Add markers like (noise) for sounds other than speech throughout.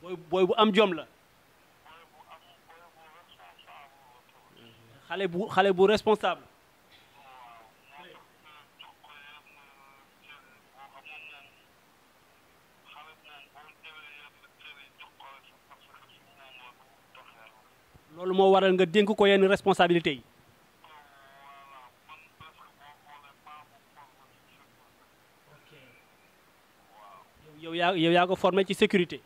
booy bu am jom la xale bu xale bu responsable loolu moo waral nga dénk ko yenn responsabilité yi yow yaa yaa ko formé ci sécurité.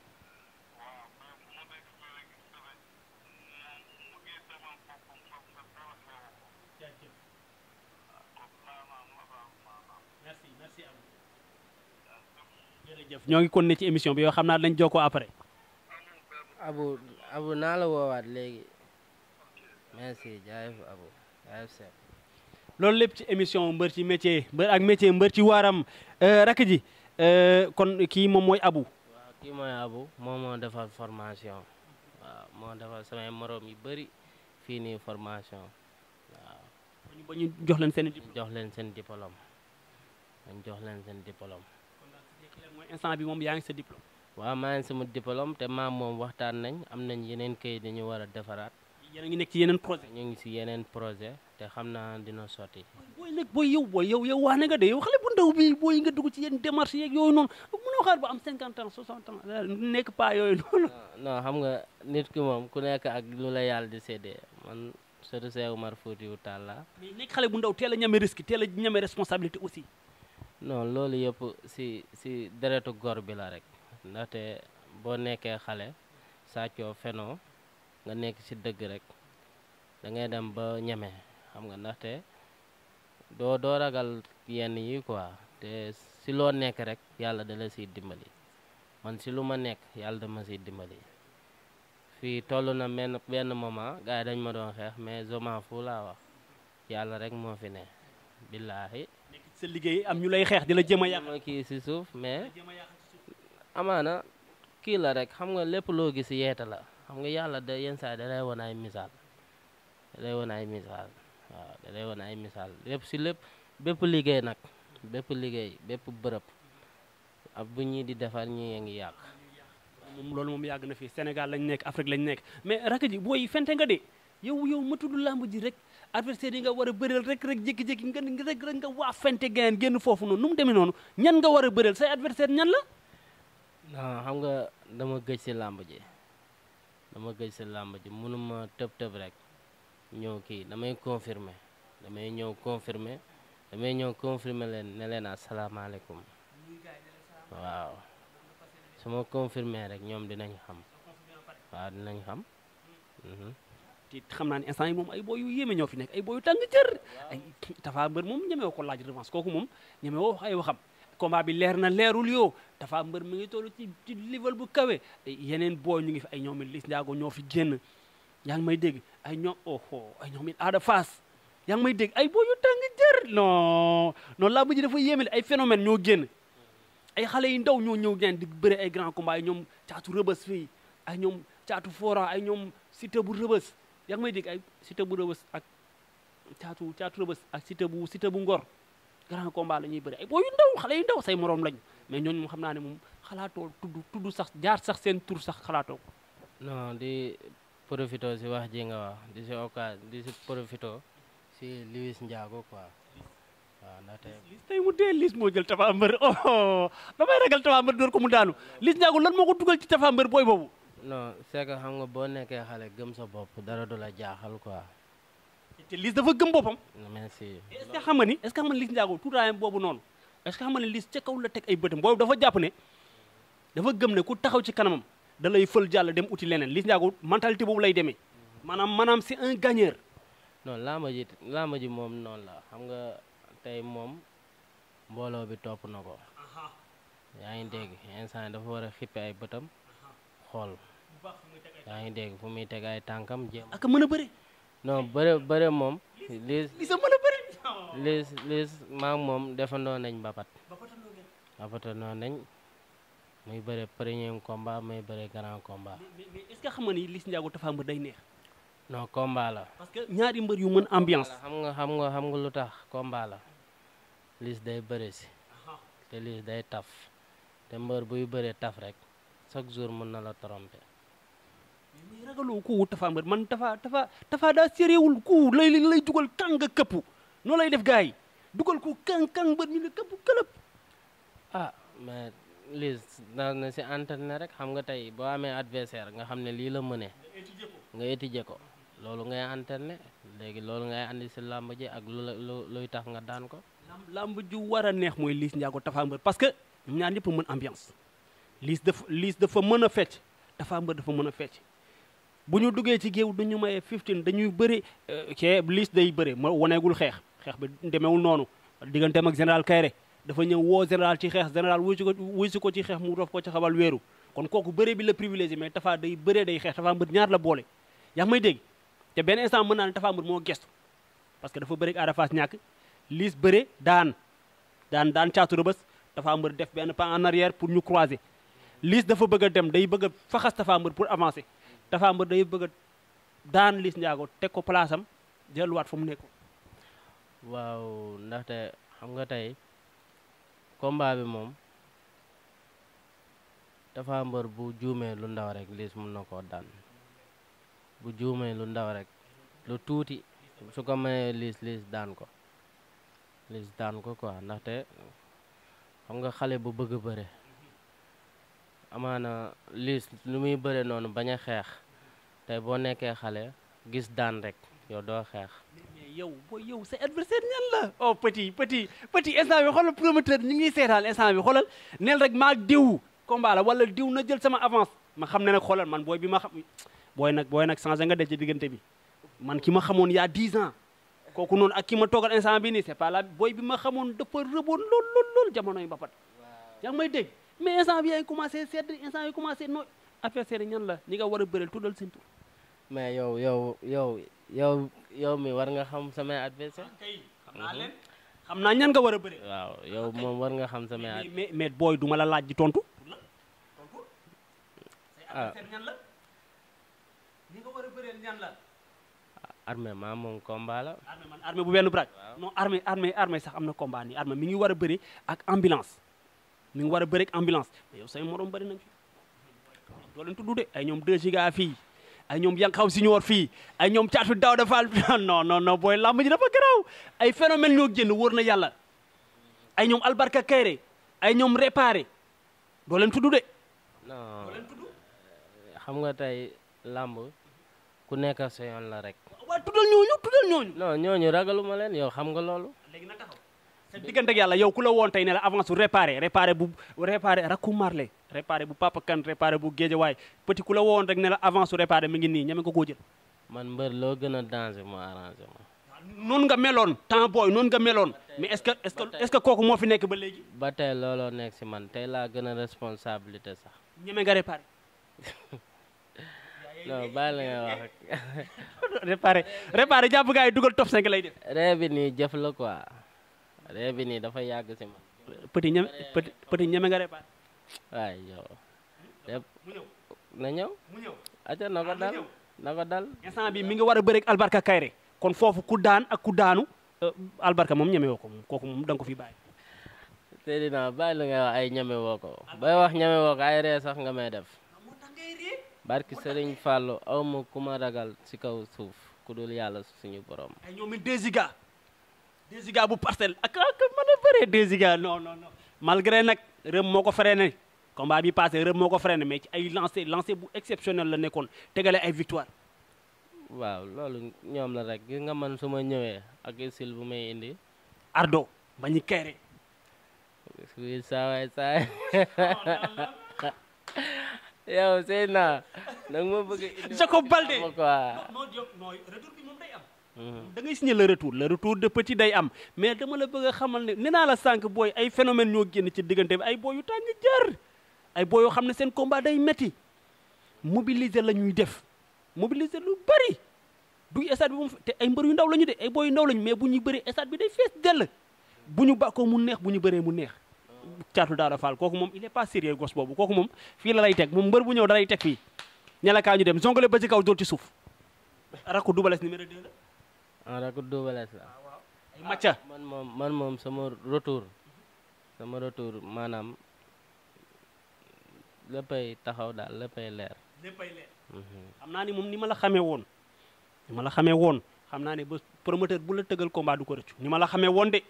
jërëjëf ñoo ngi kon ne ci émission bi yow xam naa dañ jokkoo après. abu abu loolu lépp ci émission mbër ci métier mbër ak métier mbër ci waaram euh, rakk ji Euh, kon kii moom mooy Abu. waaw kii mooy Abu moom moo defal formation waaw moo defal samay moroom yu bari fii nii formation waaw. jox leen seen diplôme jox leen seen diplôme ñu jox leen seen diplôme. mooy instant bi moom yaa ngi sa diplôme. waaw maa ngi sama diplôme te maam moom waxtaan nañ am nañ yeneen kayit yi ñu war a defaraat. yéen a ngi ci yeneen projet. ñu ngi si yeneen projet te xam naa dina sotti. booy nag booy yow booy yow yow wax na nga de yow xale bu ndaw nga dugg ci yenn démarche yeeg yooyu noonu mënoo xaar euh, nekk pas yooyu noonu. Ah, non xam nga nit ki moom ku nekk ak la yàlla di séddee man surtout Seex Umar Fuutiyu la. mais xale bu ndaw teel a ñeme risque teel a ñeme responsabilité aussi. non loolu yëpp si si deretu gor bi la rek ndaxte boo nekkee xale sàccoo fenoo nga nekk ci dëgg rek dangay dem ba ñeme xam nga ndaxte doo doo ragal yenn yi quoi te si loo nekk rek yàlla da la siy dimbali man si lu ma nekk yàlla dama siy dimbali fii toll na benn benn moment gars yi dañ ma doon xeex mais zoman fu laa wax yàlla rek moo fi ne billaahi sa xeex di la jëm kii si suuf mais amaana kii la rek xam nga lépp loo gis yeeta la xam nga yàlla da yenn saa da lay won ay misaal da lay won ay misaal waaw da lay won ay misaal lépp si lépp bépp liggéey nag bépp liggéey bépp bërëb ak bu ñii di defar ñi ngi yàq. moom loolu moom yàgg na fii Sénégal lañ nekk Afrique lañu nekk mais rakk ji booy fente nga de yow yow ma tudd làmb ji rek adversaire yi nga war a bëreel rek rek jékki-jékki nga rek rek nga waa fente gayen génn foofu noonu nu demee noonu ñan nga war a bëreel say adversaire ñan la. non nga dama gëj làmb ji. dama gëj sa làmb ji mënuma tëb tëb rek ñëw kii damay confirmer damay ñëw confirmer damay ñëw confirmer leen ne leen asalaamaaleykum waaw su ma confirmer rek ñoom dinañ xam waaw dinañ xam. Mhm. te xam naa ne instant yi moom ay booy yu yéeme ñoo fi nekk ay booy yu tàng jër ay Tapha Mbeur moom ñemewoo ko laaj revanche kooku moom ñemewoo wax ay waxam. combat bi leer na leerul yoo dafa mbër mi ngi toll ci ci level bu kawee yeneen booy ñu ngi fi ay ñoom it Liss Ndiago ñoo fi génn yaa ngi may dégg ay ñoom oho ay ñoom it Ada fas yaa ngi may dégg ay booy yu tàng jër non laa bu ji dafa yéemale ay phénomène ñoo génn ay xale yu ndaw ñoo ñëw ñaan di bëre ay grand combat ay ñoom caatu rëbës fii ay ñoom caatu fora ay ñoom cité bu rëbës yang may dégg ay cité bu rëbës ak caatu caatu rëbës ak cité bu cité bu ngor grand combat la ñuy bëri ay boo yu ndaw xale yu ndaw say morom lañu mais ñooñu moom xam naa ne moom xalaatoo tudd tudd sax jaar sax seen tur sax xalaatoo ko. non di profito si wax ji nga wax di si occasion mu dee Liss moo jël Tapha Mbeur oh, oh, oh damay ragal Tapha Mbeur door ko mu daanu Liss Ndiago lan moo ko dugal ci Tapha Mbeur booy boobu. non c'est xam nga boo nekkee xale gëm sa bopp dara du la jaaxal quoi. te Liss dafa gëm boppam. merci est xam nga ni est-ce que xam boobu noonu est-ce que xam nga ne Liss ca kaw la teg ay bëtam boobu dafa jàpp ne dafa gëm ne ku taxaw ci kanamam da lay fël jàll dem uti leneen liis Ndiago mentalité boobu lay demee maanaam maanaam c'est un gagneur. non laama ji ji moom noonu la xam nga tey moom mbooloo bi topp na ko yaa ngi dégg instant dafa war a xippe ay bëtam xool yaa ngi dégg fu muy teg tànkam jéem ak mën a bëri non bëre bëre moom. liis liis mën a bëri. liis moom defandoo nañ mbapat. mbapatanoo nañ. muy bëre premier combat muy bëre grand combat. mais est-ce que xam nga ni Liss Ndiago Tapha day neex. non combat la. ñaari mbër yu mën ambiance. xam nga xam nga xam nga lu tax combat la. Liss day bëre si. te Liss day taf. te mbër buy bëree taf rek chaque jour mën na la tromper. ragaloo ko tafa mbeur man tafa tafa tafa da sereewul ku lay lay dugal kan kepp no lay def gars dugal ko kang kang mbeur mi nga kepp kelep ah ma les na na ci antenne rek xam nga tay bo amé adversaire nga xamné ne la mëne nga étudier ko lolou ngay antenne légui lolou ngay andi ci làmb ji ak loy tax nga daan ko làmb ju war neex moy Liss ñago tafa Mbeur parce que ñaan ñëpp mën ambiance Liss def Liss def mëna fecc Mbeur def mëna fecc bu ñu duggee ci géew du ñu mayee 15 dañuy bëri euh, kee liis day bëri ma waneegul xeex xeex bi demeewul noonu digganteem ak général Kayre dafa ñëw woo général ci xeex général wuy si ko wuy si ko ci xeex mu rof ko ci xabal weeru kon kooku bëree bi la privilégié mais Tapha day bëre day xeex Tapha Mbeur ñaar la boole yaa may dégg te benn instant mën naa ne Tapha Mbeur moo gestu parce que dafa bëri ak Ada Fass ñàkk liis bëre daan daan daan caatu rëbës Tapha Mbeur def benn pas pour ñu croiser liis dafa bëgg dem day bëgg a faxas Tapha pour avancer dafa mbër day bëgg a daan Liss Ndiago teg ko place am delluwaat fu mu nekkoon. waaw ndaxte xam nga tey combat bi moom dafa mbër bu juumee lu ndaw rek Liss mun na koo daan bu juumee lu ndaw rek lu tuuti su ko mënee Liss Liss daan ko Liss daan ko quoi ndaxte xam nga xale bu bëgg bëre. amaana liis lu muy bëre noonu bañ a xeex tey boo nekkee xale gis daan rek yow doo xeex. yow booy yow sa adversaire ñan la oh petit petit petit instant bi xoolal promoteur ñu ngi seetaan instant bi xoolal neel rek maa diw combat la wala diw na jël sama avance ma xam ne nag xoolal man booy bi ma xam booy nag booy nag changé nga de ci diggante bi man ki ma xamoon yaa a 10 ans. kooku noonu ak ki ma toogal instant bi nii c'est pas la booy bi ma xamoon dafa rëboon lool lool lool jamono yi mbapat mais instant bi yaa ngi commencé sedd instant yi commencé nooy affaire sedd ñan la ñi nga war a bëreel tuddal seen tur mais yow yow yow yow yow mi war nga xam samay adversaire xam naa leen xam naa ñan nga war a bëri waaw yow moom war nga xam samay mais mais booy duma la laaj di tontu ah armée ma mon combat la armée man armée bu benn braaj non armée armée armée sax am na combat nii armée mi ngi war a bëri ak ambulance mi ngi war a bëreeg ambulance mais yow say morom bëri nañ fi doo de ay ñoom 2 giga fii ay ñoom yang xaw si ñor fii ay ñoom caatu daaw dafaal non non non booy làmb ji dafa garaaw ay phénomène ñoo génn wóor na yàlla ay ñoom albarka kayre ay ñoom réparé doo leen tudd de. non nga tey làmb ku nekk sa yoon la rek. waaw tuddal ñooñu tuddal ñooñu. non ñooñu ragaluma leen yow xam nga loolu. léegi na te diggante yàlla yow ku la woon tey ne la avance bu réparé réparé bu réparé rakku Marley réparé bu Papa Kane réparé bu Géejawaay petit ku la woon rek ne la avance bu réparé mi ngi nii ñeme ko koo man mbër loo gën a danger moo arrangé ma. nga meloon temps booy noonu nga meloon mais est-ce que est-ce que est-ce que kooku moo fi nekk ba léegi. ba tey looloo nekk si man tey laa gën a responsabilité sax. ñeme nga réparé. (laughs) non bàyyi la nga wax rek. (laughs) réparé réparé jàpp gaa yi dugal top 5 lay de ree la quoi. ree bi nii dafa yàgg si man. petit ñeme petit petit ñeme nga réparé. waay yow. na ñëw. mu ñëw aca ah, dal na ko dal. instant bi mi ngi war a bëreeg albarka kayre kon foofu ku daan ak ku daanu. Euh, albarka moom ñeme woo ko moom kooku moom da ko fi bàyyi. Seydina bàyyi la ngay woo ko wax ñeme woo ko ay ree sax may def. Ah, barki Serigne Fallou aw ma ragal si kaw suuf ku dul yàlla suñu borom. deux giga bu parcelle ak ak man a bëree deux giga non non non malgré nag rëm moo ko freiné combat bi passé rëm moo ko freiné mais ci ay lancé lancé bu exceptionnel la nekkoon tegale ay victoire waaw loolu ñoom la rek nga man su ma ñëwee ak sil bu may indi ardo ba ñu kayre oui saawaay saay yow sëy naa nag ma bëgg Jacob Baldé quoi da ngay signé le retour le retour de petit day am mais dama la bëgg a xamal ne nee naa la sànq booy ay phénomène ñoo génn ci diggante bi ay booyu yu tàng jër ay booy yoo xam ne seen combat day metti mobiliser la ñuy def mobiliser lu bëri du stade bi moom te ay mbër yu ndaw la ñu de ay booy yu ndaw lañu mais bu ñuy bëree stade bi day fees dell bu ñu bàkkoo mu neex bu ñu bëree mu neex caatu daara faal kooku moom il est pas sérieux gos boobu kooku moom fii la lay teg moom mbër bu ñëw da teg fii ña ñu dem zongale ba ci kaw dóor ci suuf rakku dubales numéro 2 la rakut do wala islam macca man mom, man mom, sama retour sama retour maanaam léppay taxaw daal léppay leer léppay leer xam mhm. naa ni moom ni ma la xamee woon ni ma la xamee woon xam naa ne ba promoteur bu la tëgal combat du ko rëccu ni ma la xamee woon de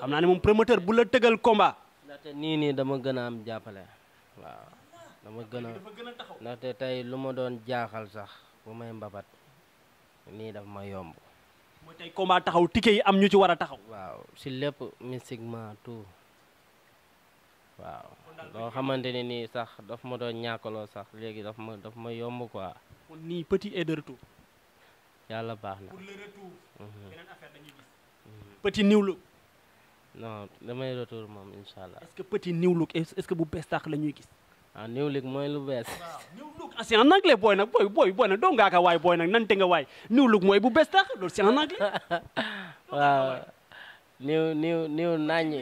xam naa ne moom promoteur bu la tëgal combat ndaxte nii nii dama gën am jàppale waaw dama gën a ndaxte tey doon jaaxal sax bu may mbabat nii daf ma yomb. mooy tey taxaw ticket yi am ñu ci war a taxaw. waaw si lépp mystiquement tout waaw. loo xamante ne nii sax daf ma doon ñàkkaloo sax léegi daf ma daf ma yomb quoi. kon nii petit est retour. yàlla baax na pour le retour. Mhm. beneen affaire dañuy gis. Mhm. petit damay retour moom incha allah. est ce que bu bees tax la ñuy gis. Ah, new look mooy lu bees. new look ah, c'est en anglais boy, boy, boy, boy, booy nag doo ngaa ka waay booy nag nante nga new look mooy bu bees tax loolu c'est en anglais. (laughs) waaw new new new naññi.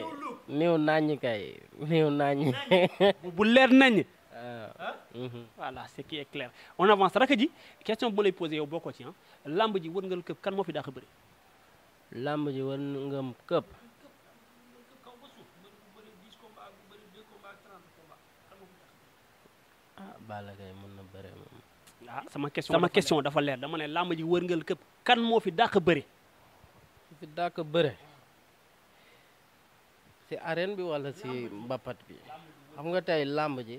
new naññi kay new naññi. bu leer ah. hein? mhm. voilà c'est qui est clair on avance raka ji question bu lay poser yow bokkoo ci ah lamb ji wër nga këpp kan moo fi daax a bëri. lamb ji wër ah Balla Gaye mën na bëre moom. ah sama question sama question dafa leer dama ne làmb ji wërngal këpp kan moo fi dàq bëre. fi dàq bëre si arène bi wala si mbapat bi xam nga tey làmb ji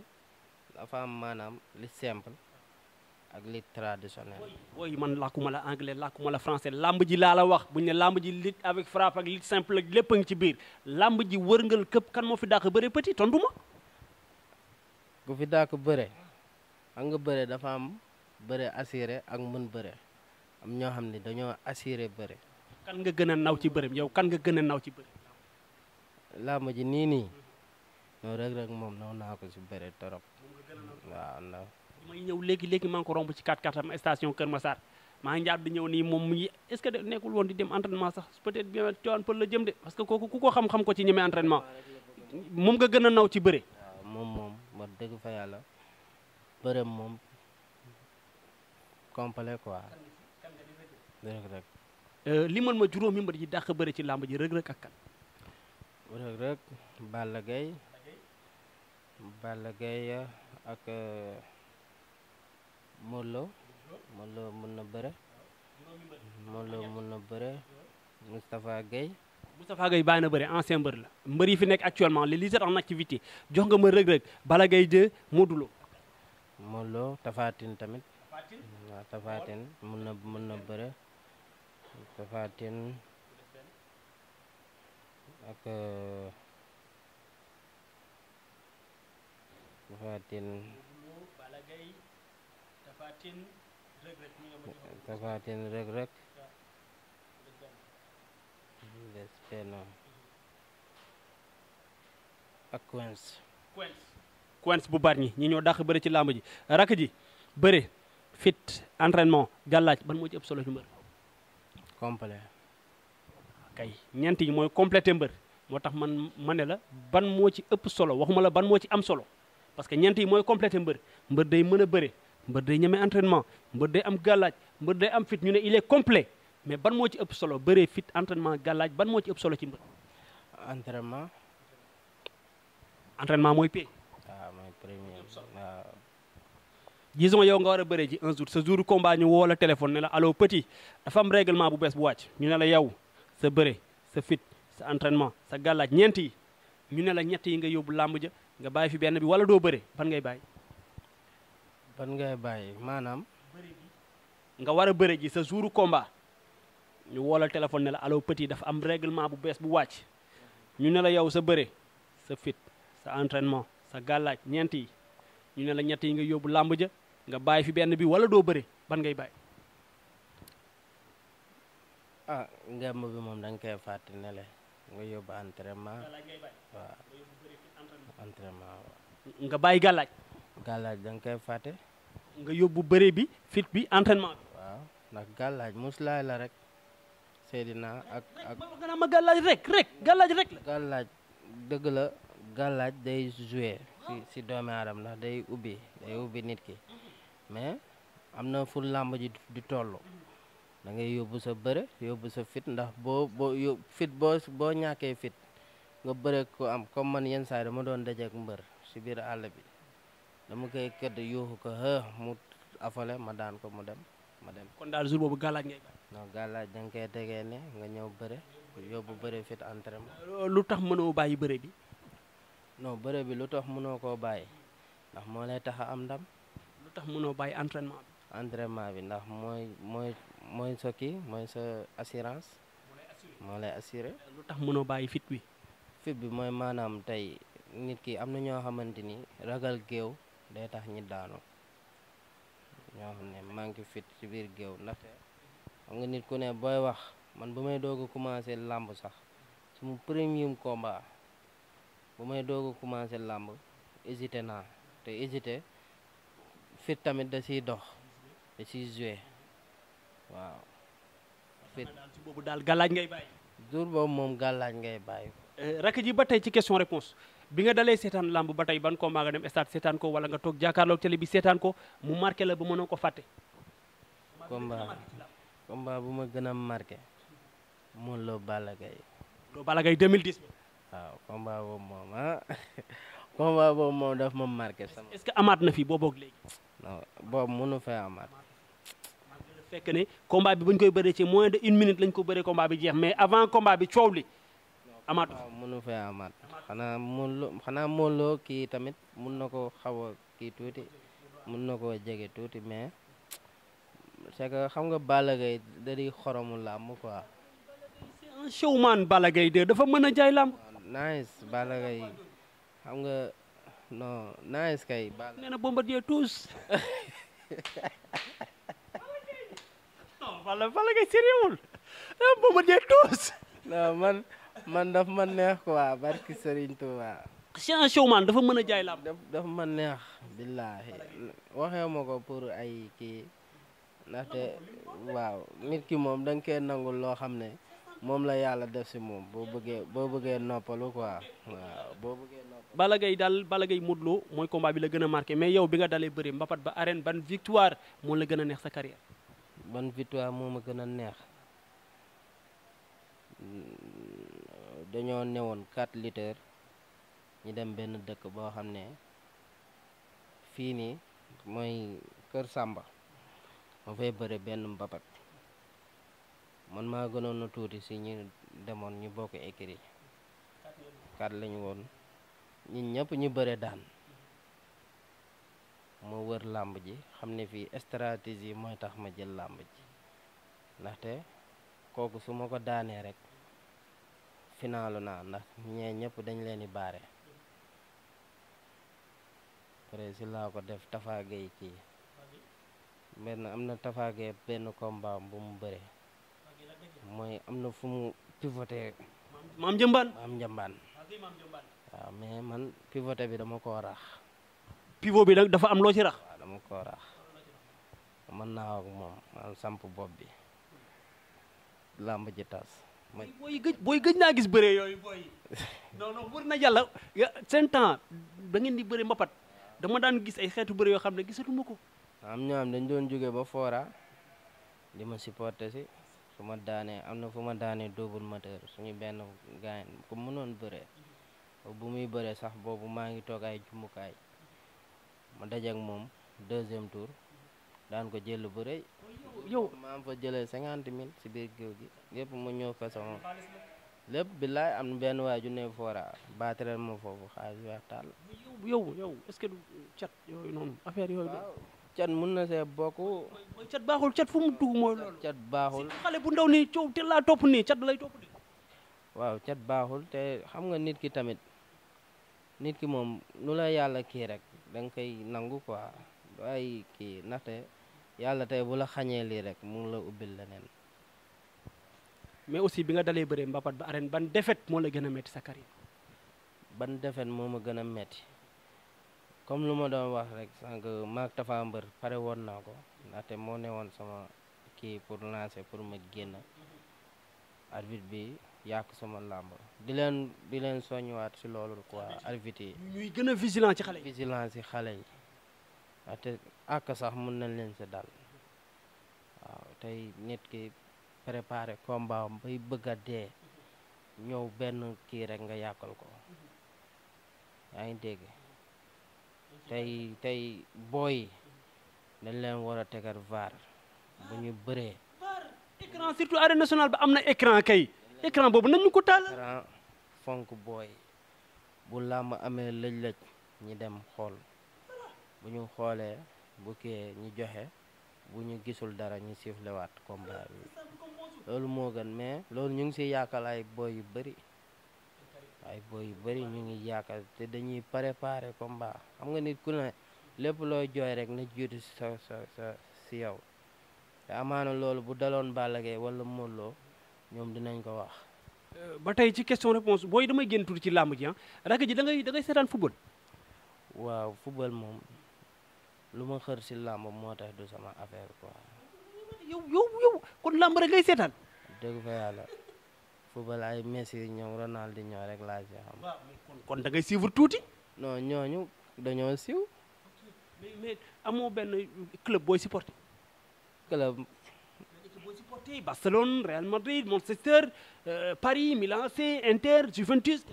dafa am maanaam li simple ak li traditionnel. woy man làkkuma la anglais làkkuma la français làmb ji laa la wax buñ ne làmb ji lit avec frappe ak lit simple ak ci biir làmb ji wërngal këpp kan moo fi dàq bëre petit tontu ma. ku fi daa ko bëre xam nga bëre dafa am bëre assuré ak mën bëre am ñoo xam ne dañoo assuré bëre. kan nga gën a naw ci bëre yow kan nga gën a naw ci bëre. làmb ji nii nii non Reug Reug moom naw naa ko si bëre torop waaw ndax. may ñëw léegi léegi maa ngi ko romb ci 4-4 am station Kër Massar maa ngi moom mu ngi ce nekkul woon di dem sax peut-être bi coowaan la jëm de parce que kooku ku ko xam-xam ko ci ñeme entraînement moom nga gën a naw ci bëre. moom moom. మద్దతు ఫయాలో బరెమ్మం complet quoi rëg rëg limal ma juróomi mbër yi dàq bëri ci làmb ji rëg rëg ak kan rëg rëg Balla Gaye Balla Gaye euh, ak euh, Modou Lo Modou Lo mën na bëre Modou Lo mën na bëre Moustapha Gueye Moustapha Gueye bayina beure ancien mbër la mbeur yi fi nek actuellement les leaders en activité jox nga ma Reug Reug bala gay de modulo modulo Modou tamit waaw muna muna beure na mën na bëre Tapha Tine ak euh, Tapha Tine Tapha Tine Reug Reug les prénoms. ak bu baat ñi ñi ñoo dàq bëri ci làmb ji rakk ji bëri fit entraînement gàllaaj ban moo ci ëpp solo ci mbër. kay ñeent yi mooy complété mbër moo tax man ma ne la ban moo ci ëpp solo waxuma la ban moo ci am solo parce que ñeent yi mooy complété mbër mbër day mën a bëre mbër day ñeme entraînement mbër day am gàllaaj mbër day am fit ñu ne il est mais ban moo ci ëpp solo bëree fit entraînement gàllaaj ban moo ci ëpp solo ci mbër. entraînement. mooy pay. Ah, waaw mooy premier yow nga war a bëree ji un jour sa jour combat ñu woo la téléphone ne la allo petit dafa am règlement bu bees bu wàcc ñu ne la yow sa bëre sa fit sa entraînement sa gàllaaj ñeent yi ñu ne la ñett yi nga yóbbu làmb ja nga bàyyi fi benn bi wala doo bëre ban ngay bàyyi. ban ngay bàyyi maanaam. nga war a bëre ji sa jour combat. ñu woolal téléphone ne aloo pët yi dafa am règlement bu bees bu wàcc ñu ne la yow sa bëre sa fit sa entraînement sa gàllaaj ñeent yi ñu ne la ñett yi nga yóbbu làmb ja nga bàyyi fi benn bi wala doo bëre ban ngay bàyyi. ah moom da koy fàtte ne nga yóbbu entraînement waaw entraînement nga bàyyi gàllaaj. gàllaaj danga nga koy fàtte. nga yóbbu bëre bi fit bi entraînement bi. waaw ndax gàllaaj muslaay la rek. Seydina ak ak. maanaam ma gàllaaj rek rek gàllaaj rek la. dëgg la gàllaaj day joué si si doomi ndax day ubbi day ubbi nit ki mais am na fu làmb di toll dangay ngay yóbbu sa bëre yóbbu sa fit ndax boo boo ñàkkee fit nga bëre ko am comme man yenn saa dama doon dajeek mbër si biir àll bi dama koy këdd yuuxu ko mu afale ma daan ko mu dem ma dem. non gàllaaj da nga koy tegee ne nga ñëw bëre yóbbu bëre fit entraînement lu tax mënoo bàyyi bëre bi non bëre bi lu tax mënoo koo bàyyi ndax moo lay tax a am ndam lu tax mënoo bàyyi entraînement bi entraînement bi ndax mooy mooy mooy sa kii mooy sa assurance moo lay assuré lu tax mënoo bàyyi fit bi fit bi mooy maanaam tey nit ki am na ñoo xamante ni ragal géew day tax ñi daanu ñoo xam ne manque fit ci biir géew ndaxte xam nga nit ku ne booy wax man bu may doog a commencé làmb sax sama premier combat bu may doog a commencé làmb hésité naa te hésité fit tamit da ciy dox da ciy waaw. boobu daal gàllaaj ngay bàyyi. jour boobu moom gàllaaj ngay bàyyi. Eh, rakk ji ba tey ci question réponse bi nga dalee seetaan lamb ba tey ban combat nga dem stade seetaan ko wala nga toog jàkkaarloog télé bi seetaan ko mu marqué la ba mënoo ko fàtte. combat bu ma gën a marqué Modou Lo Balla Gaye. Lo Balla Gaye 2010. waaw combat boobu moom ah (laughs) combat boobu moom daf ma marqué sama. est que amaat na fi boo boog léegi. non boobu mënu fee amaat. fekk bi bu koy bëree ci moins de une minute lañ ko bëree combat bi jeex mais avant combat bi coow li amaatu. waaw fee amaat xanaa Modou kii tamit mun na ko xaw a kii tuuti mun na koo jege tuuti mais. c'est que xam nga Balla Gaye da di xoromu làmb quoi. c'est un showman Balla Gaye de dafa mën a jaay làmb. nice Balla Gaye xam nga non nice kay. nee na Bombardier tous. non Balla Balla Gaye ah, man man daf man neex quoi barki Serigne Touba. c'est un showman dafa mën a jaay làmb. daf man ma neex. billaahi waxee ma ay kii. ndaxte waaw nit ki moom da nga koy nangul loo xam ne moom la yàlla def si moom boo bëggee boo bëggee noppalu ko waaw boo bëggee noppalu. Balla Gaye daal Balla Gaye Modou Lo mooy combat bi la gën a marqué mais yow bi nga dalee bëri mbapat ba arène ban victoire moom la gën a neex sa carrière. ban victoire moo ma gën a neex hmm, dañoo newoon 4 litres ñu dem benn dëkk boo xam ne fii nii mooy Kër sàmba ma fay bëre benn mbapat man maa gënoon tuuti si ñi demoon ñu bokk écrit kat lañu woon ñun ñëpp ñu bëre daan ma wër làmb ji xam ne fii stratégie mooy tax ma jël làmb ji ndaxte kooku su ma ko daanee rek finaalu naa ndax ñee ñëpp dañ leen di baare après si laa ko def tafaa gay kii ben amna tafage ben combat bu mu beure moy amna fu mu pivoté mam jamban mam jamban waaw mais man pivoté bi dama ko rax pivot bi dafa am lo ci rax dama ko rax man na ak mom man samp bob bi lamb ji tass mooy booy gëj booy gëj naa gis beure yoy boy non non wër yalla 5 ans temps da ngeen di beure mbapat dama daan gis ay xeetu beure yo xamne gisatu mako am ñoo am dañ doon jóge ba foora di ma supporter si fu ma daane am na fu ma daanee double moteur suñu benn gaañ ku mënoon bëree bu muy bëree sax boobu maa ngi toog ay jumukaay ma dajak moom deuxième tour daan ko jël bu rëy yow maa am fa jëlee cinquante mille si biir géew gi mu ñëw fa sama lépp billaay am benn waay ju ne foora baatereel ma foofu xaalis weex tàll yow yow est-ce que du cat yooyu noonu affaire yooyu cat mun na see bokk. cat baaxul cat fu mu dugg mooy cat baaxul xale bu ndaw nii coow te laa topp nii cat lay topp waaw cat baaxul te xam nga nit ki tamit nit ki moom nu la yàlla kii rek danga koy nangu quoi waaye kii ndaxte yàlla tey bu la xañee lii rek mu ngi la ubbil leneen. mais aussi bi nga dalee bëree mbapat ba arène ban défaite moo la gën a metti sa carrière. ban défaite moo ma gën a metti comme lu ma doon wax rek sànq maag Tapha Mbeur pare woon naa ko ndaxte moo ne woon sama kii pour lancer pour ma génn arbitre bi yàq sama làmb di leen di leen soññiwaat si loolu quoi arbitre yi. ñuy gën a vigilant ci xale yi. vigilant xale yi ndaxte àkk sax mun nañ leen si dal waaw tey nit ki préparé combat am bay bëgg a dee ñëw benn kii rek nga yàqal ko yaa ngi dégg. tey tey booy dañ leen war a tegal vaar bu ñu bëree. vaar écran surtout arène nationale ba am na écran kay. écran boobu nañ ko taal. écran fonk booy bu làmb amee lëj-lëj ñi dem xool bu ñu xoolee bu kee ñu joxe bu ñu gisul dara ñu sifflewaat combat bi loolu moo gën mais loolu ñu ngi siy yaakaar ay booy yu bëri. ay boy yu bëri ñu ngi yaakaar te dañuy préparer combat xam nga nit ku lépp looy jooy rek na jiitu si sa sa sa si yow te amaana loolu bu daloon Balla Gaye wala Modou Lo ñoom dinañ ko wax. Euh, ba tey ci question réponse booy damay génn tuuti ci làmb ji ah rakk ji da ngay da ngay seetaan football. waaw football moom lu ma xër si làmb moo tax du sama affaire quoi. yow yow yow kon làmb rek ngay seetaan. dëgg fa yàlla. football ay Messi ñoom Ronaldinho ñoo rek laa ci xam. kon kon da ngay suivre tuuti. non ñooñu dañoo siiw. mais mais amoo benn club booy supporter. club. booy Real Madrid Manchester euh, Paris Milan Inter Juventus.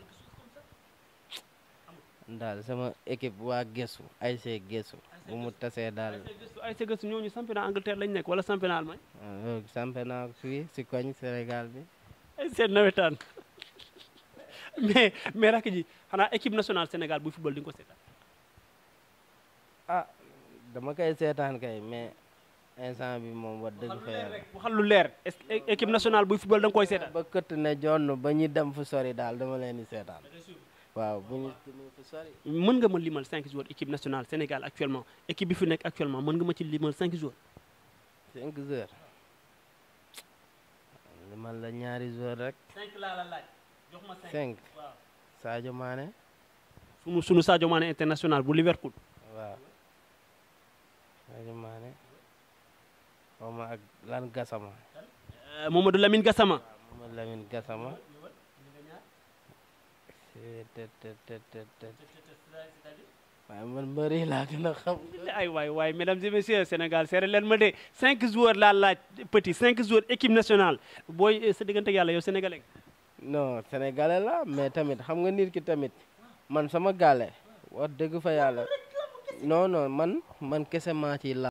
daal sama équipe waa Gésu ASC Gésu. bu mu tasee daal. ASC Gésu ñooñu championnat Angleterre lañ nekk wala championnat Allemagne. Euh, championnat fii si koñ Sénégal bi. seen nawetaan mais mais rakk ji xanaa équipe nationale Sénégal buy football di ko seetaan. ah dama koy seetaan mais instant bi moom wax dëgg fa yàlla. lu leer est ce que équipe nationale buy football da koy seetaan. ba këtt ne jonn ba ñu dem fu sori daal dama leen di seetaan. waaw bu ñu fu mën nga ma limal cinq joueurs équipe nationale Sénégal actuellement équipe bi fi nekk actuellement mën nga ma ci limal cinq joueurs. lima la ñaari joueur rek. cinq la la laaj jox ma cinq. sunu sunu Sadio Mané international bu Liverpool. waaw Sadio Mané. xaw ak lan Gassama. Euh, Mamadou Lamine Gassama. waaw Lamine Gassama. waaye man mbër yi laa gën a xam ay waay waay mesdames et messieurs Sénégal seere leen ma de cinq joueurs laa laaj petit cinq joueurs équipe nationale booy eh, sa diggante yàlla yow sénégalais non sénégalais la mais tamit xam nga nit ki tamit man sama gaale wax dëgg fa yàlla non non man kese maa la